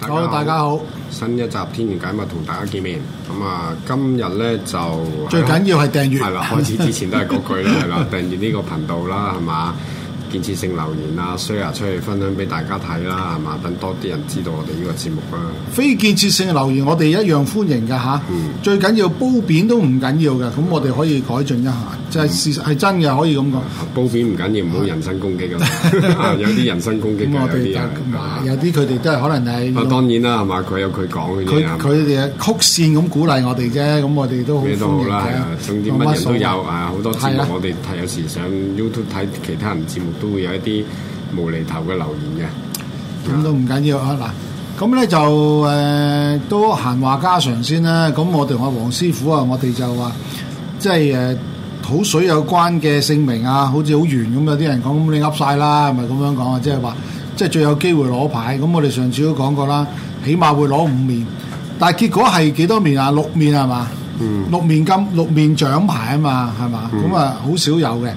好，好，大家好。新一集天玄解密同大家見面。咁、嗯、啊，今日咧就最緊要係訂閱，係啦。開始之前都係嗰句啦，係啦、 啊，訂閱呢個頻道啦，係嘛。 建設性留言啊，所以啊出去分享俾大家睇啦，係嘛？等多啲人知道我哋呢個節目啦。非建設性嘅留言，我哋一樣歡迎㗎吓，最緊要褒貶都唔緊要嘅，咁我哋可以改進一下。就係事實係真嘅，可以咁講。褒貶唔緊要，唔好人身攻擊㗎。有啲人身攻擊嘅有啲有啲佢哋都係可能係。啊，當然啦，係嘛？佢有佢講嘅。佢哋曲線咁鼓勵我哋啫，咁我哋都咩都好啦，係啊，總之乜人都有啊，好多節目我哋睇，有時上 YouTube 睇其他人節目。都會有一啲無厘頭嘅留言嘅，咁都唔緊要啊！嗱，咁咧就誒都閒話家常先啦。咁、啊、我哋同阿黃師傅啊，我哋就話即係誒土水有關嘅姓名啊，好似好圓咁，有啲人講咁你噏曬啦，係咪咁樣講啊？即係話即係最有機會攞牌。咁我哋上次都講過啦，起碼會攞五面，但係結果係幾多面啊？六面係嘛？嗯，六面金、六面獎牌啊嘛，係嘛？咁啊、嗯，好少有嘅，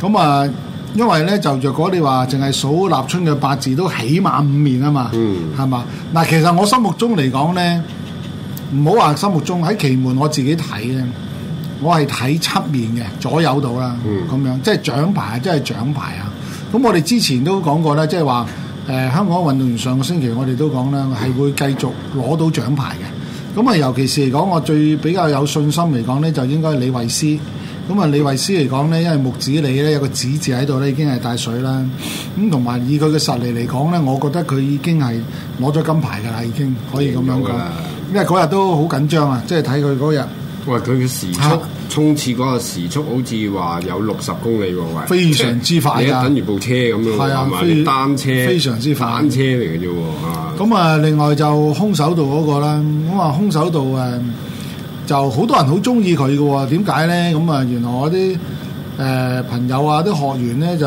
咁啊。嗯嗯因為咧，就若果你話淨係數立春嘅八字都起碼五面啊嘛，係嘛？嗱，其實我心目中嚟講咧，唔好話心目中喺奇門我自己睇咧，我係睇七面嘅，左右度啦，咁樣、mm. 即係獎牌啊，即係獎牌啊。咁我哋之前都講過咧，即係話誒香港運動員上個星期我哋都講啦，係會繼續攞到獎牌嘅。咁啊，尤其是嚟講，我最比較有信心嚟講咧，就應該係李慧詩。咁啊，李慧詩嚟講咧，因為木子李咧有個子字喺度咧，已經係帶水啦。咁同埋以佢嘅實力嚟講咧，我覺得佢已經係攞咗金牌噶啦，已經可以咁樣講。因為嗰日都好緊張啊，即係睇佢嗰日。喂，佢嘅時速，嗯、衝刺嗰個時速好似話有六十公里喎，喂，非常之快㗎。你等於部車咁樣，係啊，係唔係？非，單車，非常之快單車嚟嘅啫喎。咁啊，另外就空手道嗰、嗰個啦，咁啊，空手道誒、嗰個。就好多人好中意佢嘅喎，點解呢？咁啊，原來我啲誒、呃、朋友啊，啲學員呢，就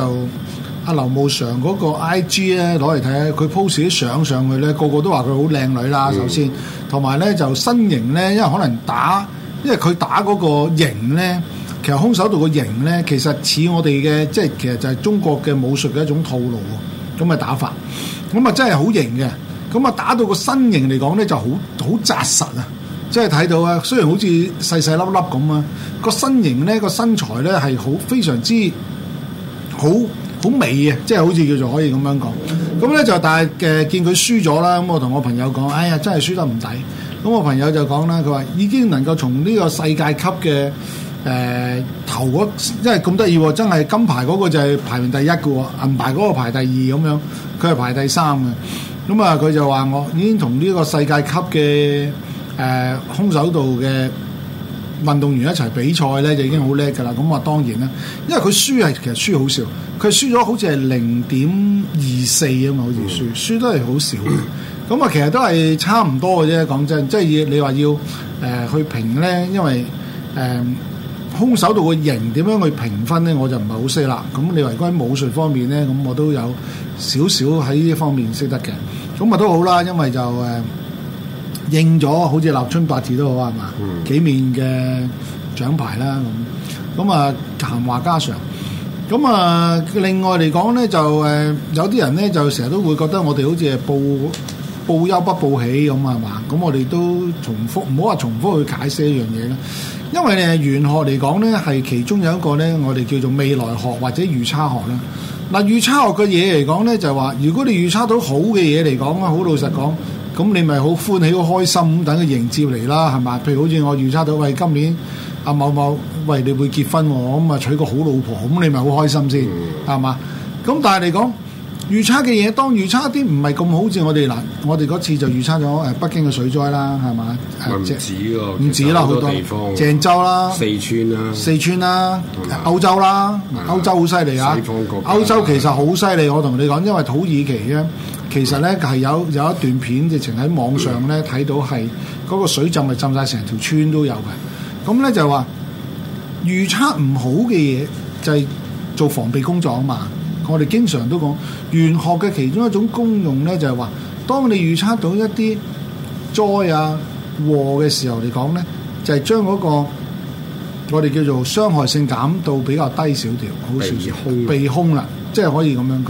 阿劉慕常嗰個 IG 咧攞嚟睇下。佢 post 咗啲相上去呢，個個都話佢好靚女啦。嗯、首先，同埋呢，就身形呢，因為可能打，因為佢打嗰個型呢，其實空手道個型呢，其實似我哋嘅即係其實就係中國嘅武術嘅一種套路喎。咁嘅打法，咁啊真係好型嘅，咁啊打到個身形嚟講呢，就好好紮實啊！即係睇到啊，雖然好似細細粒粒咁啊，個身形咧，個身材咧係好非常之好好美嘅，即係好似叫做可以咁樣講。咁咧就但係誒見佢輸咗啦，咁我同我朋友講，哎呀，真係輸得唔抵。咁我朋友就講啦，佢話已經能夠從呢個世界級嘅誒、呃、頭嗰，即係咁得意喎！真係金牌嗰個就係排名第一嘅喎，銀牌嗰個排第二咁樣，佢係排第三嘅。咁啊，佢就話我已經同呢個世界級嘅。誒、呃、空手道嘅運動員一齊比賽咧，就已經好叻噶啦。咁啊、嗯嗯，當然啦，因為佢輸係其實輸好少，佢輸咗好似係零點二四啊嘛，好似輸，輸都係好少。咁啊、嗯嗯，其實都係差唔多嘅啫。講真，即、就、係、是、要你話要誒去評咧，因為誒、呃、空手道嘅型點樣去評分咧，我就唔係好識啦。咁、嗯、你話關於武術方面咧，咁、嗯、我都有少少喺呢方面識得嘅。咁啊，都好啦，因為就誒、呃應咗好似立春八字都好啊，係嘛？Mm hmm. 幾面嘅獎牌啦咁，咁啊閒話家常。咁啊另外嚟講咧就誒、呃、有啲人咧就成日都會覺得我哋好似係報報憂不報喜咁係嘛？咁我哋都重複唔好話重複去解釋一樣嘢啦。因為誒玄學嚟講咧係其中有一個咧我哋叫做未來學或者預測學啦。嗱預測學嘅嘢嚟講咧就係、是、話如果你預測到好嘅嘢嚟講啊好老實講。Mm hmm. 咁你咪好歡喜好開心咁等佢迎接嚟啦，係嘛？譬如好似我預測到，喂，今年阿某某，喂，你會結婚喎，咁啊娶個好老婆，咁你咪好開心先，係嘛？咁但係你講，預測嘅嘢，當預測一啲唔係咁好，好似我哋嗱，我哋嗰次就預測咗誒北京嘅水災啦，係嘛？唔止喎，唔止啦，好多地方多，鄭州啦，四川啦、啊，四川啦、啊，吧歐洲啦，吧歐洲好犀利啊！啊啊歐洲其實好犀利，我同你講，因為土耳其咧，其實咧係有有一段片，直情喺網上咧睇到係嗰、嗯、個水浸係浸晒成條村都有嘅。咁咧就話預測唔好嘅嘢就係做防備工作啊嘛。我哋經常都講玄學嘅其中一種功用咧，就係話，當你預測到一啲災啊禍嘅時候，嚟講咧，就係將嗰個我哋叫做傷害性減到比較低少少，好少少避空啦，即係可以咁樣講。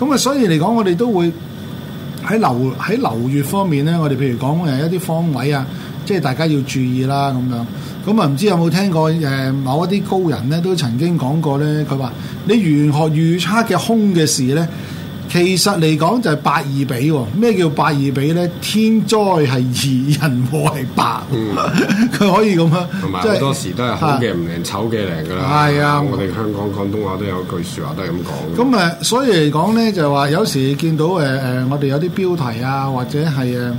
咁啊，所以嚟講，我哋都會喺流喺流月方面咧，我哋譬如講誒一啲方位啊，即係大家要注意啦，咁樣。咁啊，唔知有冇聽過誒、呃、某一啲高人咧，都曾經講過咧，佢話你玄學預測嘅空嘅事咧，其實嚟講就係八二比、哦。咩叫八二比咧？天災係二，人禍係八。佢 可以咁樣，即係好多時都係好嘅唔靈，醜嘅靈㗎啦。係啊，啊我哋香港廣東話都有句説話都係咁講。咁誒、呃，所以嚟講咧，就係、是、話有時見到誒誒、呃呃，我哋有啲標題啊，或者係誒。呃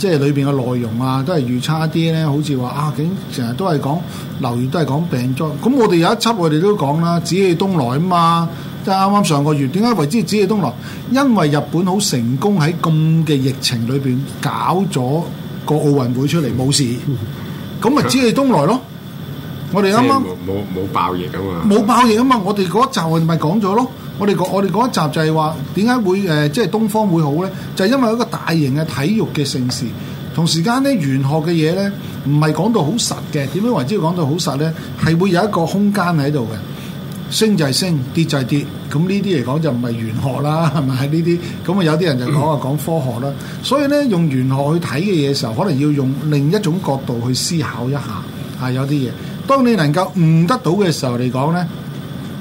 即係裏邊嘅內容啊，都係預差啲咧。好似話啊，成日都係講留言，都係講病災。咁我哋有一輯我哋都講啦，紫氣東來啊嘛。即係啱啱上個月，點解為之紫氣東來？因為日本好成功喺咁嘅疫情裏邊搞咗個奧運會出嚟冇事，咁咪紫氣東來咯。我哋啱啱冇冇爆嘢㗎嘛，冇爆嘢啊嘛。我哋嗰一集咪講咗咯。我哋講我哋嗰一集就係話點解會誒、呃、即係東方會好咧？就係、係、因為一個大型嘅體育嘅盛事。同時間咧玄學嘅嘢咧唔係講到好實嘅。點樣為之要講到好實咧？係會有一個空間喺度嘅，升就係升，跌就係跌。咁呢啲嚟講就唔係玄學啦，係咪？呢啲咁啊有啲人就講啊講科學啦。所以咧用玄學去睇嘅嘢時候，可能要用另一種角度去思考一下啊。有啲嘢，當你能夠悟得到嘅時候嚟講咧。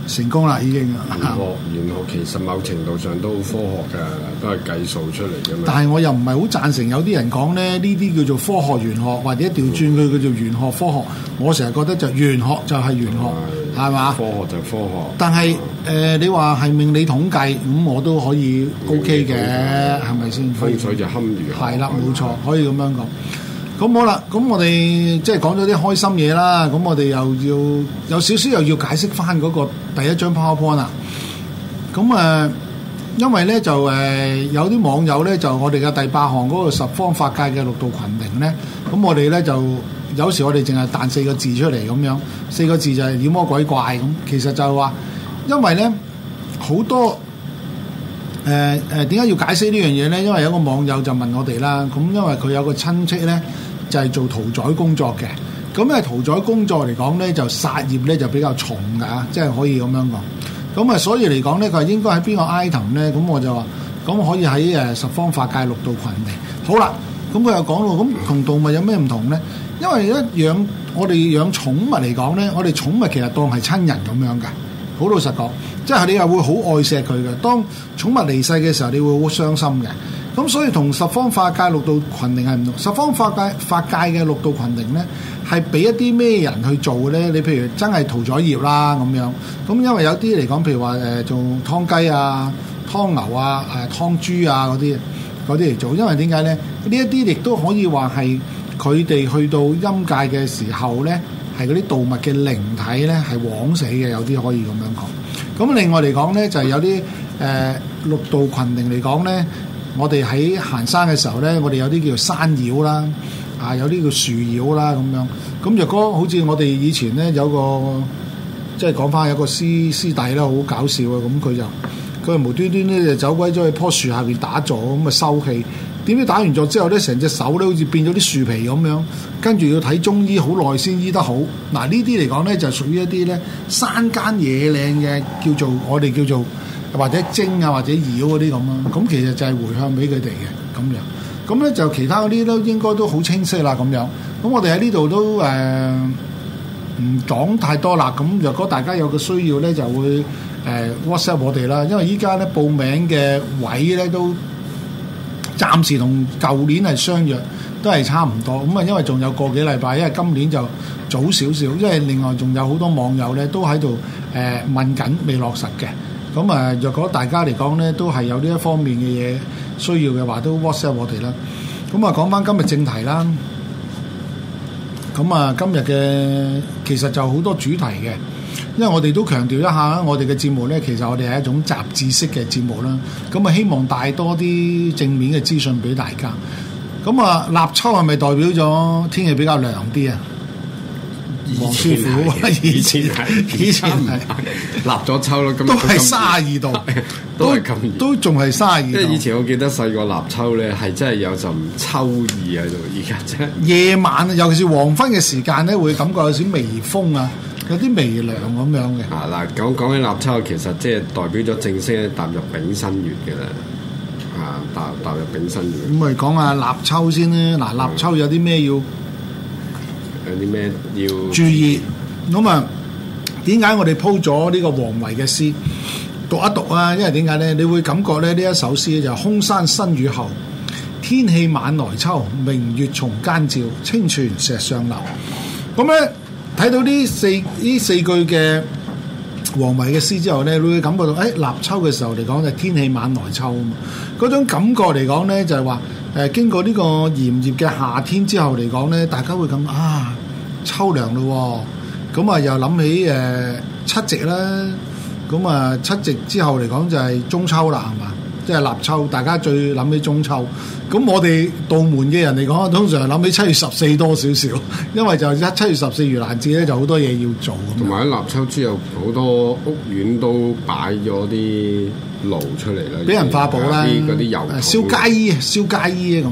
成功啦，已經啊！玄學，玄學其實某程度上都好科學嘅，都係計數出嚟嘅嘛。但係我又唔係好贊成有啲人講咧，呢啲叫做科學玄學，或者一調轉佢佢叫玄學科學。我成日覺得就玄學就係玄學，係嘛原是 吧？科學就科學。但係是誒、嗯呃，你話係命理統計，咁我都可以 OK 嘅，係咪先？風、嗯、水就堪輿係啦，冇錯，可以咁樣講。嗯的咁好啦，咁我哋即係講咗啲開心嘢啦，咁我哋又要有少少又要解釋翻嗰個第一張 PowerPoint 啦。咁誒、呃，因為咧就誒、呃、有啲網友咧就我哋嘅第八行嗰個十方法界嘅六道群靈咧，咁我哋咧就有時我哋淨係彈四個字出嚟咁樣，四個字就係妖魔鬼怪咁。其實就係話，因為咧好多誒誒點解要解釋呢樣嘢咧？因為有個網友就問我哋啦，咁因為佢有個親戚咧。就係做屠宰工作嘅，咁啊屠宰工作嚟講咧，就殺業咧就比較重嘅，即係可以咁樣講。咁啊，所以嚟講咧，佢應該喺邊個 item 咧？咁我就話，咁可以喺誒十方法界六道群。地。好啦，咁佢又講到，咁同動物有咩唔同咧？因為一養我哋養寵物嚟講咧，我哋寵物，物其實當係親人咁樣嘅，好老實講，即係你又會好愛錫佢嘅。當寵物離世嘅時候，你會好傷心嘅。咁所以同十方法界六道群靈係唔同，十方法界法界嘅六道群靈咧，係俾一啲咩人去做嘅咧？你譬如真係屠宰業啦咁樣，咁因為有啲嚟講，譬如話誒做劏雞啊、劏牛啊、誒、啊、劏豬啊嗰啲啲嚟做，因為點解咧？呢一啲亦都可以話係佢哋去到陰界嘅時候咧，係嗰啲動物嘅靈體咧係枉死嘅，有啲可以咁樣講。咁另外嚟講咧，就係、是、有啲誒、呃、六道群靈嚟講咧。我哋喺行山嘅時候咧，我哋有啲叫山妖啦，啊有啲叫樹妖啦咁樣。咁若果好似我哋以前咧有個，即係講翻有個師師弟啦，好搞笑啊！咁佢就佢無端端咧就走鬼咗去樖樹下邊打坐，咁，啊收氣。點知打完咗之後咧，成隻手咧好似變咗啲樹皮咁樣，跟住要睇中醫好耐先醫得好。嗱，呢啲嚟講咧就屬於一啲咧山間野嶺嘅叫做我哋叫做。或者蒸啊，或者妖嗰啲咁啊，咁其實就係回向俾佢哋嘅咁樣。咁咧就其他嗰啲都應該都好清晰啦咁樣。咁我哋喺呢度都誒唔講太多啦。咁若果大家有個需要咧，就會誒、呃、WhatsApp 我哋啦。因為依家咧報名嘅位咧都暫時同舊年係相若，都係差唔多。咁啊，因為仲有個幾禮拜，因為今年就早少少，因為另外仲有好多網友咧都喺度誒問緊未落實嘅。咁啊，若果大家嚟講咧，都係有呢一方面嘅嘢需要嘅話，都 WhatsApp 我哋啦。咁啊，講返今日正題啦。咁啊，今日嘅其實就好多主題嘅，因為我哋都強調一下，我哋嘅節目咧，其實我哋係一種雜誌式嘅節目啦。咁啊，希望帶多啲正面嘅資訊俾大家。咁啊，立秋係咪代表咗天氣比較涼啲啊？黃師傅，以前，係，以前係，立咗秋咯，都係卅二度，天都係咁，都仲係卅二。即係以前我記得細個立秋咧，係真係有陣秋意喺度。而家即係夜晚啊，尤其是黃昏嘅時間咧，會感覺有少微風微啊，有啲微涼咁樣嘅。啊嗱，講講起立秋，其實即係代表咗正式踏入丙申月嘅啦。啊，踏踏入丙申月。咁咪講下立秋先啦。嗱、啊，立秋有啲咩要？有啲咩要注意？咁啊，點解我哋鋪咗呢個王維嘅詩讀一讀啊？因為點解咧，你會感覺咧呢一首詩咧就，空山新雨後，天氣晚來秋，明月松間照，清泉石上流。咁咧睇到呢四呢四句嘅王維嘅詩之後咧，你會感覺到誒，立秋嘅時候嚟講就天氣晚來秋啊嘛。嗰種感覺嚟講咧就係話，誒，經過呢個炎熱嘅夏天之後嚟講咧，大家會感啊～秋涼咯，咁啊又諗起誒七夕啦，咁啊七夕之後嚟講就係中秋啦，係嘛？即係立秋，大家最諗起中秋。咁我哋道門嘅人嚟講，通常諗起七月十四多少少，因為就一七月十四盂蘭節咧，就好多嘢要做。同埋喺立秋之後，好多屋苑都擺咗啲，露出嚟咧，俾人化寶啦！啲油燒街衣、燒街衣咁，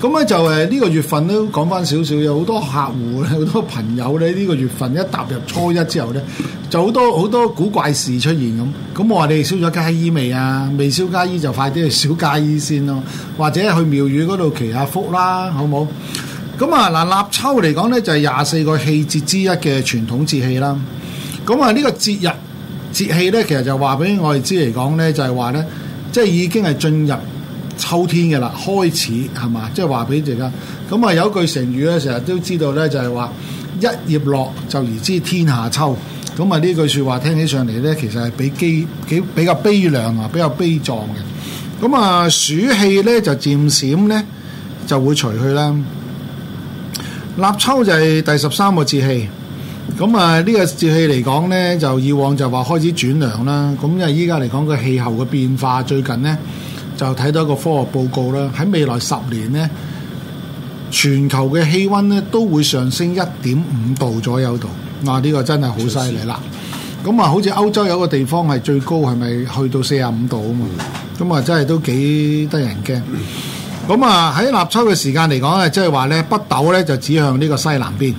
咁咧就誒呢、這個月份咧講翻少少，有好多客戶咧、好多朋友咧，呢、這個月份一踏入初一之後咧，就好多好多古怪事出現咁。咁我話你哋燒咗街衣未啊？未燒街衣就快啲去燒街衣先咯，或者去廟宇嗰度祈下福啦，好冇？咁啊嗱，立秋嚟講咧，就係廿四個氣節之一嘅傳統節氣啦。咁啊呢個節日。節氣咧，其實就話俾我哋知嚟講咧，就係話咧，即係已經係進入秋天嘅啦，開始係嘛？即係話俾大家。咁啊，有句成語咧，成日都知道咧，就係話一葉落就而知天下秋。咁啊，呢句説話聽起上嚟咧，其實係比悲幾比較悲涼啊，比較悲壯嘅。咁啊，暑氣咧就漸閃咧就會除去啦。立秋就係第十三個節氣。咁啊，呢個節氣嚟講呢，就以往就話開始轉涼啦。咁因為依家嚟講個氣候嘅變化，最近呢就睇到一個科學報告啦。喺未來十年呢，全球嘅氣温呢都會上升一點五度左右度。啊，呢、這個真係好犀利啦！咁啊是，好似歐洲有個地方係最高，係咪去到四十五度啊？嘛、嗯，咁啊，真係都幾得人驚。咁啊、嗯，喺立秋嘅時間嚟講咧，即係話呢，北斗呢就指向呢個西南邊。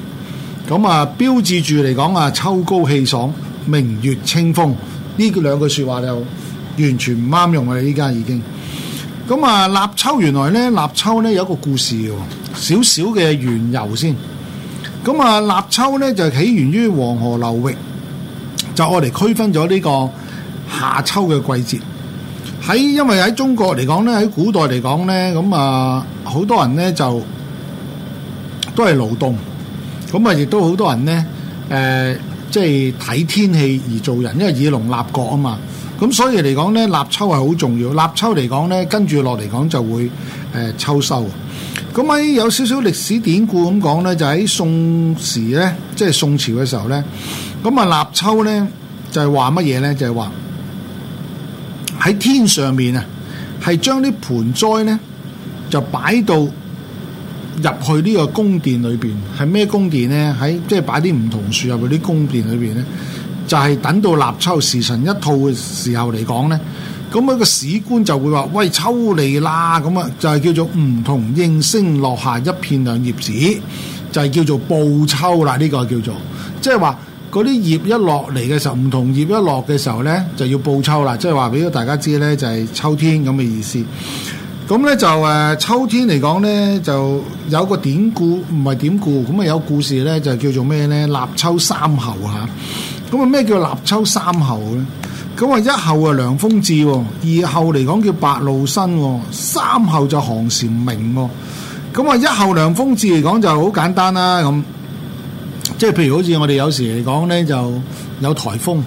咁啊，標誌住嚟講啊，秋高氣爽，明月清風，呢兩句説話就完全唔啱用啊！依家已經，咁啊，立秋原來呢，立秋呢，有一個故事嘅，少少嘅緣由先。咁啊，立秋呢，就起源於黃河流域，就用嚟區分咗呢個夏秋嘅季節。喺因為喺中國嚟講呢，喺古代嚟講呢，咁啊，好多人呢，就都係勞動。咁啊，亦都好多人咧，誒、呃，即係睇天氣而做人，因為以農立國啊嘛。咁所以嚟講咧，立秋係好重要。立秋嚟講咧，跟住落嚟講就會誒秋收。咁、嗯、喺有少少歷史典故咁講咧，就喺宋時咧，即係宋朝嘅時候咧，咁啊立秋咧就係話乜嘢咧？就係話喺天上面啊，係將啲盆栽咧就擺到，入去呢個宮殿裏邊係咩宮殿呢？喺即係擺啲梧桐樹入去啲宮殿裏邊呢，就係、是、等到立秋時辰一到嘅時候嚟講呢。咁佢個史官就會話：喂，秋嚟啦！咁啊就係叫做梧桐應聲落下一片兩葉子，就係叫做報秋啦。呢、這個叫做即係話嗰啲葉一落嚟嘅時候，梧桐葉一落嘅時候呢，就要報秋啦。即係話俾大家知呢，就係、是、秋天咁嘅意思。咁咧就誒、呃、秋天嚟講咧，就有個典故，唔係典故，咁啊有故事咧，就叫做咩咧？立秋三候嚇。咁啊咩叫立秋三候咧？咁啊一候啊涼風至，二候嚟講叫白露生、哦，三候就寒蟬鳴、哦。咁啊一候涼風至嚟講就好簡單啦，咁即係譬如好似我哋有時嚟講咧就有颱風，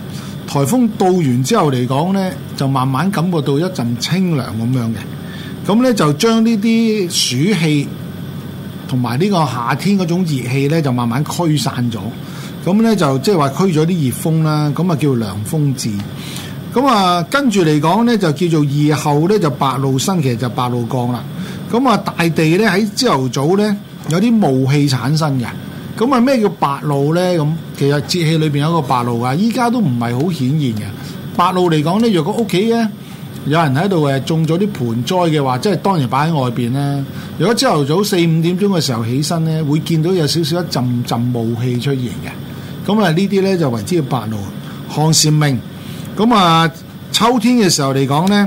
颱風到完之後嚟講咧就慢慢感覺到一陣清涼咁樣嘅。咁咧就將呢啲暑氣同埋呢個夏天嗰種熱氣咧就慢慢驅散咗，咁咧就即係話驅咗啲熱風啦，咁啊叫涼風至。咁啊跟住嚟講咧就叫做二候咧就白露生，其實就白露降啦。咁啊大地咧喺朝頭早咧有啲霧氣產生嘅。咁啊咩叫白露咧？咁其實節氣裏邊有個白露啊，依家都唔係好顯現嘅。白露嚟講咧，若果屋企咧，有人喺度誒種咗啲盆栽嘅話，即係當然擺喺外邊咧。如果朝頭早四五點鐘嘅時候起身咧，會見到有少少一陣陣霧氣出現嘅。咁啊，呢啲咧就為之叫白露寒蟬鳴。咁啊，秋天嘅時候嚟講咧，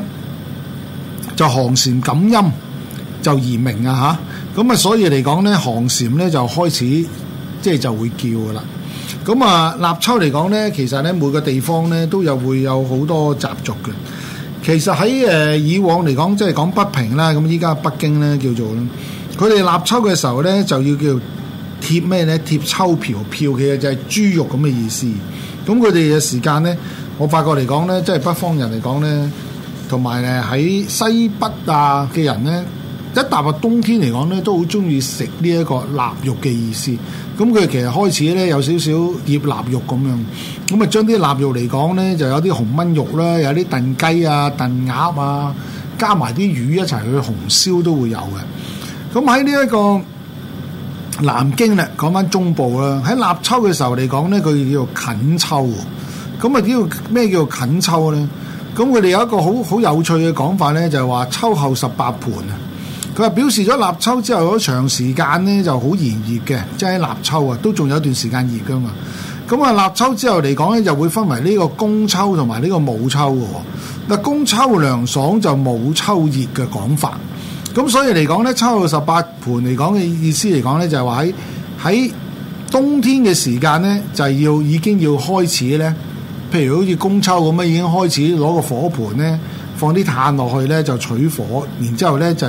就寒蟬感陰就而鳴啊嚇。咁啊，所以嚟講咧，寒蟬咧就開始即係就會叫噶啦。咁啊，立秋嚟講咧，其實咧每個地方咧都有會有好多習俗嘅。其實喺誒以往嚟講，即係講北平啦，咁依家北京咧叫做，佢哋立秋嘅時候咧就要叫貼咩咧？貼秋瓢，瓢其實就係、是、豬肉咁嘅意思。咁佢哋嘅時間咧，我發覺嚟講咧，即係北方人嚟講咧，同埋誒喺西北啊嘅人咧。一踏入冬天嚟講咧，都好中意食呢一個臘肉嘅意思。咁佢其實開始咧有少少醃臘肉咁樣，咁啊將啲臘肉嚟講咧就有啲紅炆肉啦，有啲燉雞啊、燉鴨啊，加埋啲魚一齊去紅燒都會有嘅。咁喺呢一個南京咧，講翻中部啦，喺立秋嘅時候嚟講咧，佢叫做近秋。咁啊叫咩叫做近秋咧？咁佢哋有一個好好有趣嘅講法咧，就係話秋後十八盤啊！佢話表示咗立秋之後，嗰長時間咧就好炎熱嘅，即係立秋啊，都仲有一段時間熱噶嘛。咁啊，立秋之後嚟講咧，就會分為呢個公秋同埋呢個母秋嘅。公秋涼爽就母秋熱嘅講法。咁所以嚟講咧，秋到十八盤嚟講嘅意思嚟講咧，就係話喺冬天嘅時間咧，就係要已經要開始咧，譬如好似公秋咁樣，已經開始攞個火盆咧，放啲炭落去咧，就取火，然之後咧就。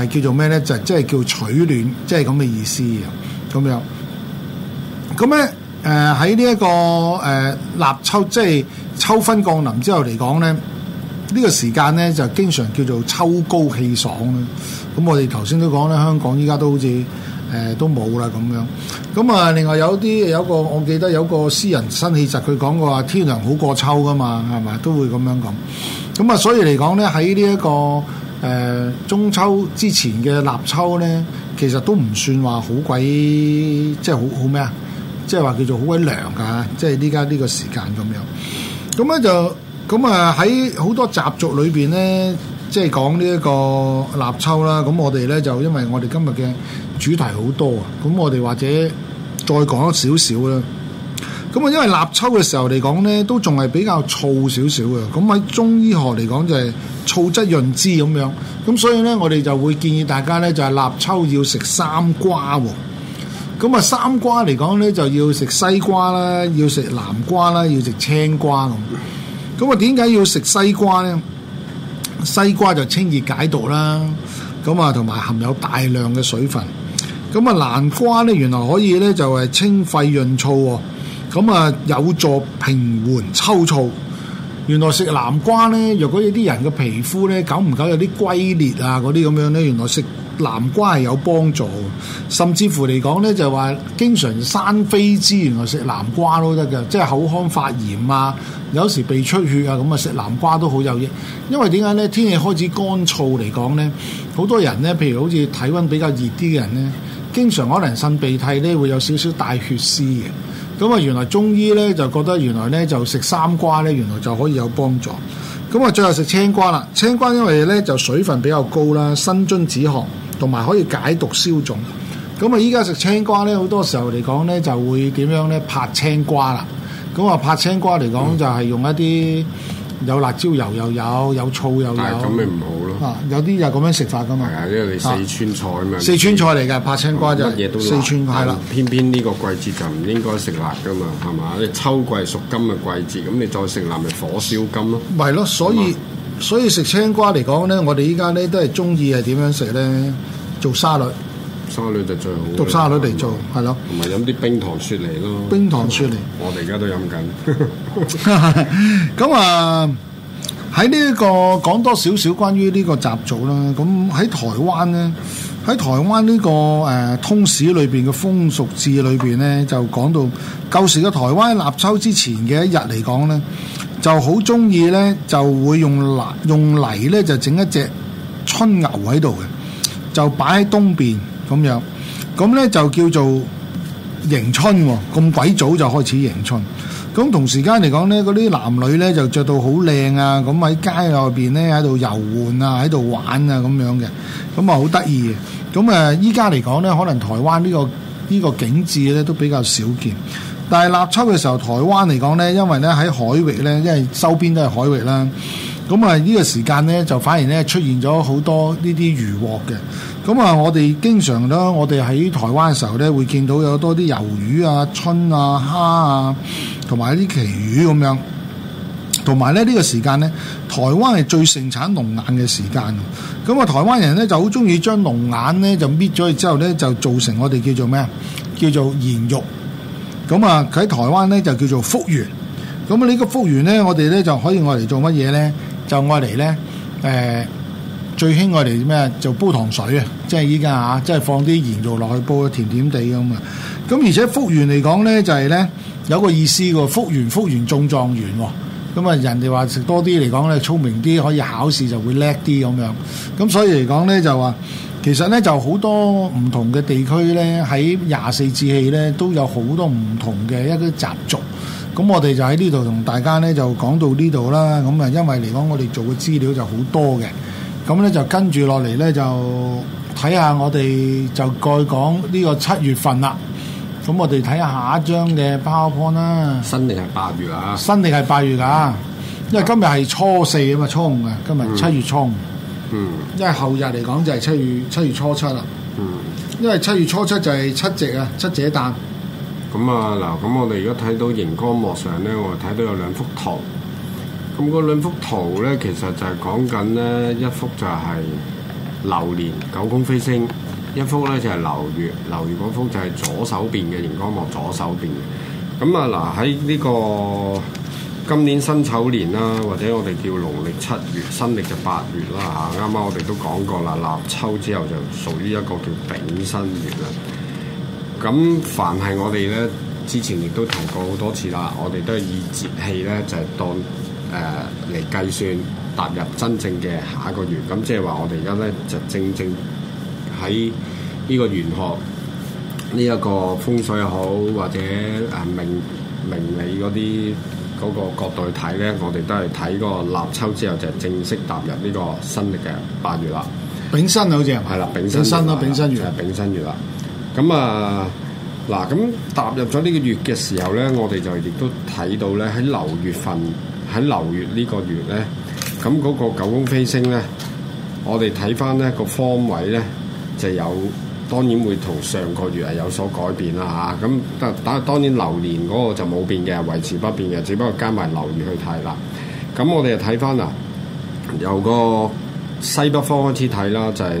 係叫做咩咧？就即、是、係叫取暖，即係咁嘅意思咁樣。咁咧誒喺呢一個誒、呃、立秋，即係秋分降臨之後嚟講咧，呢、這個時間咧就經常叫做秋高氣爽啦。咁我哋頭先都講咧，香港依家都好似誒、呃、都冇啦咁樣。咁啊，另外有啲有個我記得有個詩人辛棄疾，佢講過話天涼好過秋噶嘛，係咪都會咁樣講。咁啊，所以嚟講咧喺呢一、這個。誒、呃、中秋之前嘅立秋咧，其實都唔算話好鬼即係好好咩啊！即係話叫做好鬼涼㗎，即係依家呢個時間咁樣。咁咧就咁啊喺好多習俗裏邊咧，即係講呢一個立秋啦。咁我哋咧就因為我哋今日嘅主題好多啊，咁我哋或者再講少少啦。咁啊，因為立秋嘅時候嚟講呢，都仲係比較燥少少嘅。咁喺中醫學嚟講，就係燥質潤之咁樣。咁所以呢，我哋就會建議大家呢，就係立秋要食三瓜。咁啊，三瓜嚟講呢，就要食西瓜啦，要食南瓜啦，要食青瓜咁。咁啊，點解要食西瓜呢？西瓜就清熱解毒啦。咁啊，同埋含有大量嘅水分。咁啊，南瓜呢，原來可以呢，就係清肺潤燥。咁啊，有助平緩秋燥。原來食南瓜呢，若果有啲人嘅皮膚呢，久唔久有啲龜裂啊，嗰啲咁樣呢？原來食南瓜係有幫助。甚至乎嚟講呢，就話、是、經常生痱滋。原來食南瓜都得嘅。即係口腔發炎啊，有時鼻出血啊，咁啊食南瓜都好有益。因為點解呢？天氣開始乾燥嚟講呢，好多人呢，譬如好似體温比較熱啲嘅人呢，經常可能擤鼻涕呢，會有少少帶血絲嘅。咁啊，原來中醫咧就覺得原來咧就食三瓜咧，原來就可以有幫助。咁啊，最後食青瓜啦。青瓜因為咧就水分比較高啦，生津止渴，同埋可以解毒消腫。咁啊，依家食青瓜咧，好多時候嚟講咧就會點樣咧拍青瓜啦。咁啊，拍青瓜嚟講就係用一啲。嗯有辣椒油又有，有醋又有。但係咁咪唔好咯。啊、有啲就咁樣食法噶嘛。係啊，因為你四川菜嘛。啊、四川菜嚟㗎，拍青瓜就乜、是、嘢、啊、都四川係啦。偏偏呢個季節就唔應該食辣噶嘛，係嘛？你秋季屬金嘅季節，咁你再食辣咪火燒金咯、啊。係咯，所以嗎所以食青瓜嚟講咧，我哋依家咧都係中意係點樣食咧？做沙律。沙律就最好，篤沙律嚟做，係咯，同埋飲啲冰糖雪梨咯，冰糖雪梨，我哋而家都飲緊。咁啊，喺呢一個講多少少關於呢個習俗啦。咁喺台灣咧，喺台灣呢個誒通史裏邊嘅風俗志裏邊咧，就講到舊時嘅台灣立秋之前嘅一日嚟講咧，就好中意咧，就會用泥用泥咧就整一隻春牛喺度嘅，就擺喺東邊。咁樣，咁呢就叫做迎春喎，咁鬼早就開始迎春。咁同時間嚟講呢，嗰啲男女呢就着到好靚啊，咁喺街外邊呢，喺度遊玩啊，喺度玩啊咁樣嘅，咁啊好得意嘅。咁啊依家嚟講呢，可能台灣呢個呢個景緻呢都比較少見，但係立秋嘅時候，台灣嚟講呢，因為呢喺海域呢，因為周邊都係海域啦。咁啊！呢個時間呢，就反而呢，出現咗好多呢啲魚獲嘅。咁啊，我哋經常咧，我哋喺台灣嘅時候呢，會見到有多啲魷魚啊、春啊、蝦啊，同埋一啲旗魚咁樣。同埋呢，呢個時間呢，台灣係最盛產龍眼嘅時間。咁啊，台灣人呢，就好中意將龍眼呢就搣咗之後呢，就做成我哋叫做咩？叫做鹽肉。咁啊，喺台灣呢，就叫做福圓。咁啊，呢個福圓呢，我哋呢，就可以愛嚟做乜嘢呢？就愛嚟咧，誒、呃、最興愛嚟咩？就煲糖水啊！即係依家啊，即係放啲鹽肉落去煲，甜甜地咁啊！咁而且福圓嚟講咧，就係咧有個意思喎，福圓福圓，中狀元喎！咁、哦、啊，人哋話食多啲嚟講咧，聰明啲，可以考試就會叻啲咁樣。咁所以嚟講咧、就係，就話其實咧就好多唔同嘅地區咧，喺廿四節氣咧都有好多唔同嘅一啲習俗。咁我哋就喺呢度同大家咧就講到就就呢度啦。咁啊，啊，因為嚟講我哋做嘅資料就好多嘅，咁咧就跟住落嚟咧就睇下我哋就蓋講呢個七月份啦。咁我哋睇下下一張嘅 PowerPoint 啦。新曆係八月啊！新曆係八月㗎，因為今日係初四啊嘛，初五啊，今日七月初五。嗯。因為後日嚟講就係七月七月初七啦。嗯。因為七月初七就係七夕啊，七姐誕。咁啊，嗱，咁我哋而家睇到熒光幕上咧，我哋睇到有兩幅圖。咁嗰兩幅圖咧，其實就係講緊咧，一幅就係流年九宮飛星，一幅咧就係流月。流月嗰幅就係左手邊嘅熒光幕左手邊嘅。咁啊，嗱，喺呢個今年辛丑年啦，或者我哋叫農曆七月、新曆就八月啦嚇。啱啱我哋都講過啦，立秋之後就屬於一個叫丙申月啦。咁凡係我哋咧，之前亦都提過好多次啦。我哋都係以節氣咧，就係、是、當誒嚟計算踏入真正嘅下一個月。咁即係話我哋而家咧就正正喺呢個玄學呢一、這個風水好，或者誒命命理嗰啲嗰個角度去睇咧，我哋都係睇個立秋之後就是、正式踏入呢個新曆嘅八月啦。丙申好似係啦，丙申啦，丙申了月係丙申月啦。咁啊，嗱，咁踏入咗呢個月嘅時候咧，我哋就亦都睇到咧喺流月份，喺流月，月呢個月咧，咁、那、嗰個九宮飛星咧，我哋睇翻咧個方位咧，就有當然會同上個月係有所改變啦吓，咁但係當然流年嗰個就冇變嘅，維持不變嘅，只不過加埋流月去睇啦。咁我哋就睇翻啊，由個西北方開始睇啦，就係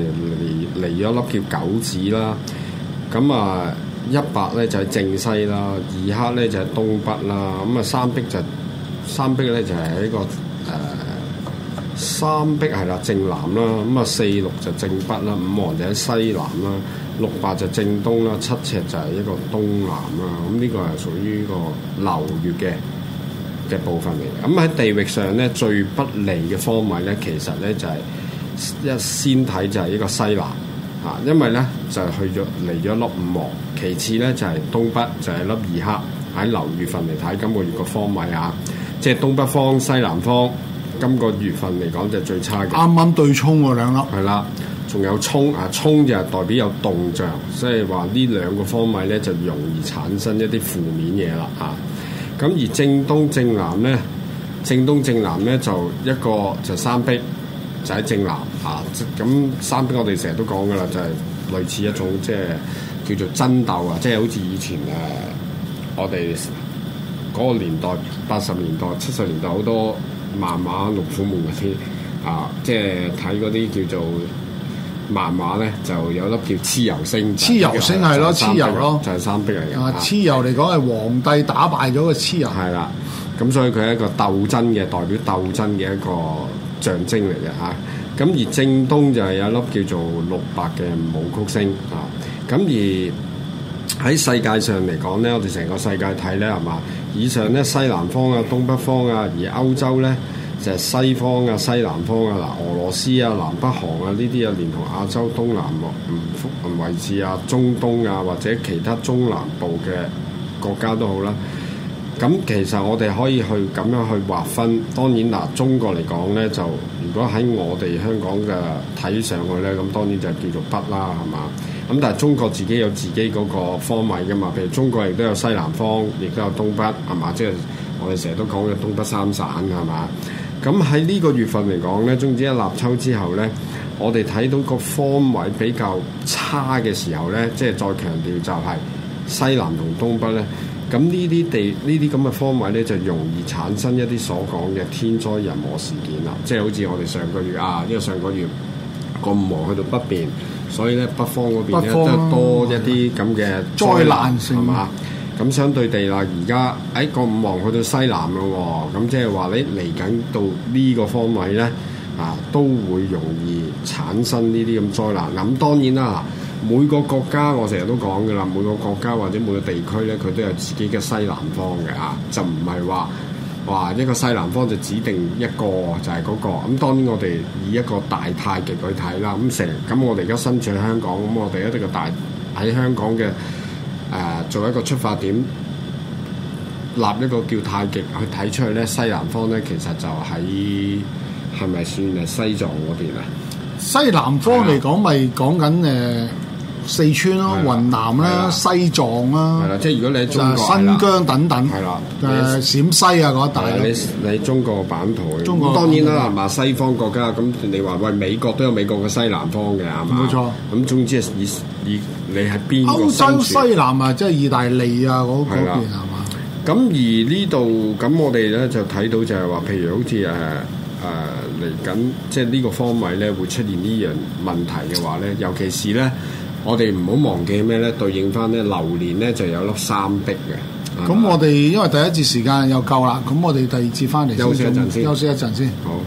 嚟嚟咗粒叫九紫啦。咁啊，一白咧就係正西啦，二黑咧就係東北啦，咁啊三碧就三碧咧就係一個誒，三碧係啦正南啦，咁啊四六就正北啦，五黃就喺西南啦，六白就正東啦，七赤就係一個東南啦，咁、這、呢個係屬於一個流月嘅嘅部分嚟嘅。咁、嗯、喺地域上咧，最不利嘅方位咧，其實咧就係、是、一先睇就係一個西南。啊，因為咧就係去咗嚟咗粒五黃，其次咧就係、是、東北就係、是、粒二黑。喺流月份嚟睇，今個月個方位啊，即係東北方、西南方，今個月份嚟講就最差嘅。啱啱對沖喎兩粒，係啦，仲有衝啊，衝就代表有動盪，所以話呢兩個方位咧就容易產生一啲負面嘢啦嚇。咁、啊啊、而正東正南咧，正東正南咧就一個就三碧。就喺正南，嚇，咁三碧我哋成日都講噶啦，就係類似一種即係叫做爭鬥啊，即係好似以前誒我哋嗰個年代八十年代七十年代好多漫畫《龍虎門》嗰啲啊，即係睇嗰啲叫做漫畫咧，就有粒叫蚩尤星。蚩尤星係咯，蚩尤咯，就係三碧嚟嘅。啊，蚩尤嚟講係皇帝打敗咗個蚩尤，係啦。咁所以佢係一個鬥爭嘅代表，鬥爭嘅一個。象徵嚟嘅嚇，咁、啊、而正東就係有一粒叫做六白嘅武曲星啊，咁、啊、而喺世界上嚟講咧，我哋成個世界睇咧係嘛，以上咧西南方啊、東北方啊，而歐洲咧就係、是、西方啊、西南方啊，嗱俄羅斯啊、南北韓啊呢啲啊，連同亞洲東南落唔唔位置啊、中東啊，或者其他中南部嘅國家都好啦。咁其實我哋可以去咁樣去劃分，當然嗱中國嚟講呢，就如果喺我哋香港嘅睇上去呢，咁當然就叫做北啦，係嘛？咁但係中國自己有自己嗰個方位噶嘛，譬如中國亦都有西南方，亦都有東北，係嘛？即係我哋成日都講嘅東北三省係嘛？咁喺呢個月份嚟講呢，總之一立秋之後呢，我哋睇到個方位比較差嘅時候呢，即係再強調就係西南同東北呢。咁呢啲地呢啲咁嘅方位咧，就容易產生一啲所講嘅天災人禍事件啦。即係好似我哋上個月啊，因為上個月個五黃去到北邊，所以咧北方嗰邊咧多一啲咁嘅災難性係嘛？咁相對地啦，而家誒個五黃去到西南啦喎、哦，咁即係話你嚟緊到呢個方位咧啊，都會容易產生呢啲咁災難。咁當然啦。每個國家我成日都講嘅啦，每個國家或者每個地區咧，佢都有自己嘅西南方嘅啊，就唔係話哇一個西南方就指定一個就係、是、嗰、那個。咁、啊、當然我哋以一個大太極去睇啦，咁、啊、成咁我哋而家身處喺香港，咁我哋一個大喺香港嘅誒、啊、做一個出發點，立一個叫太極去睇出去咧，西南方咧其實就喺係咪算係西藏嗰邊啊？西南方嚟講，咪講緊誒？四川咯、雲南啦，西藏啦，係啦，即係如果你喺中國新疆等等，係啦，誒陝西啊嗰一帶，你你中國版圖。中國咁當然啦，話西方國家咁，你話喂美國都有美國嘅西南方嘅係嘛？冇錯。咁總之係以以你係邊個？歐洲西南啊，即係意大利啊嗰嗰邊係嘛？咁而呢度咁我哋咧就睇到就係話，譬如好似誒誒嚟緊，即係呢個方位咧會出現呢樣問題嘅話咧，尤其是咧。我哋唔好忘記咩咧？對應翻咧流年咧就有粒三碧嘅。咁我哋因為第一節時間又夠啦，咁我哋第二節翻嚟休息一陣先，休息一陣先，好。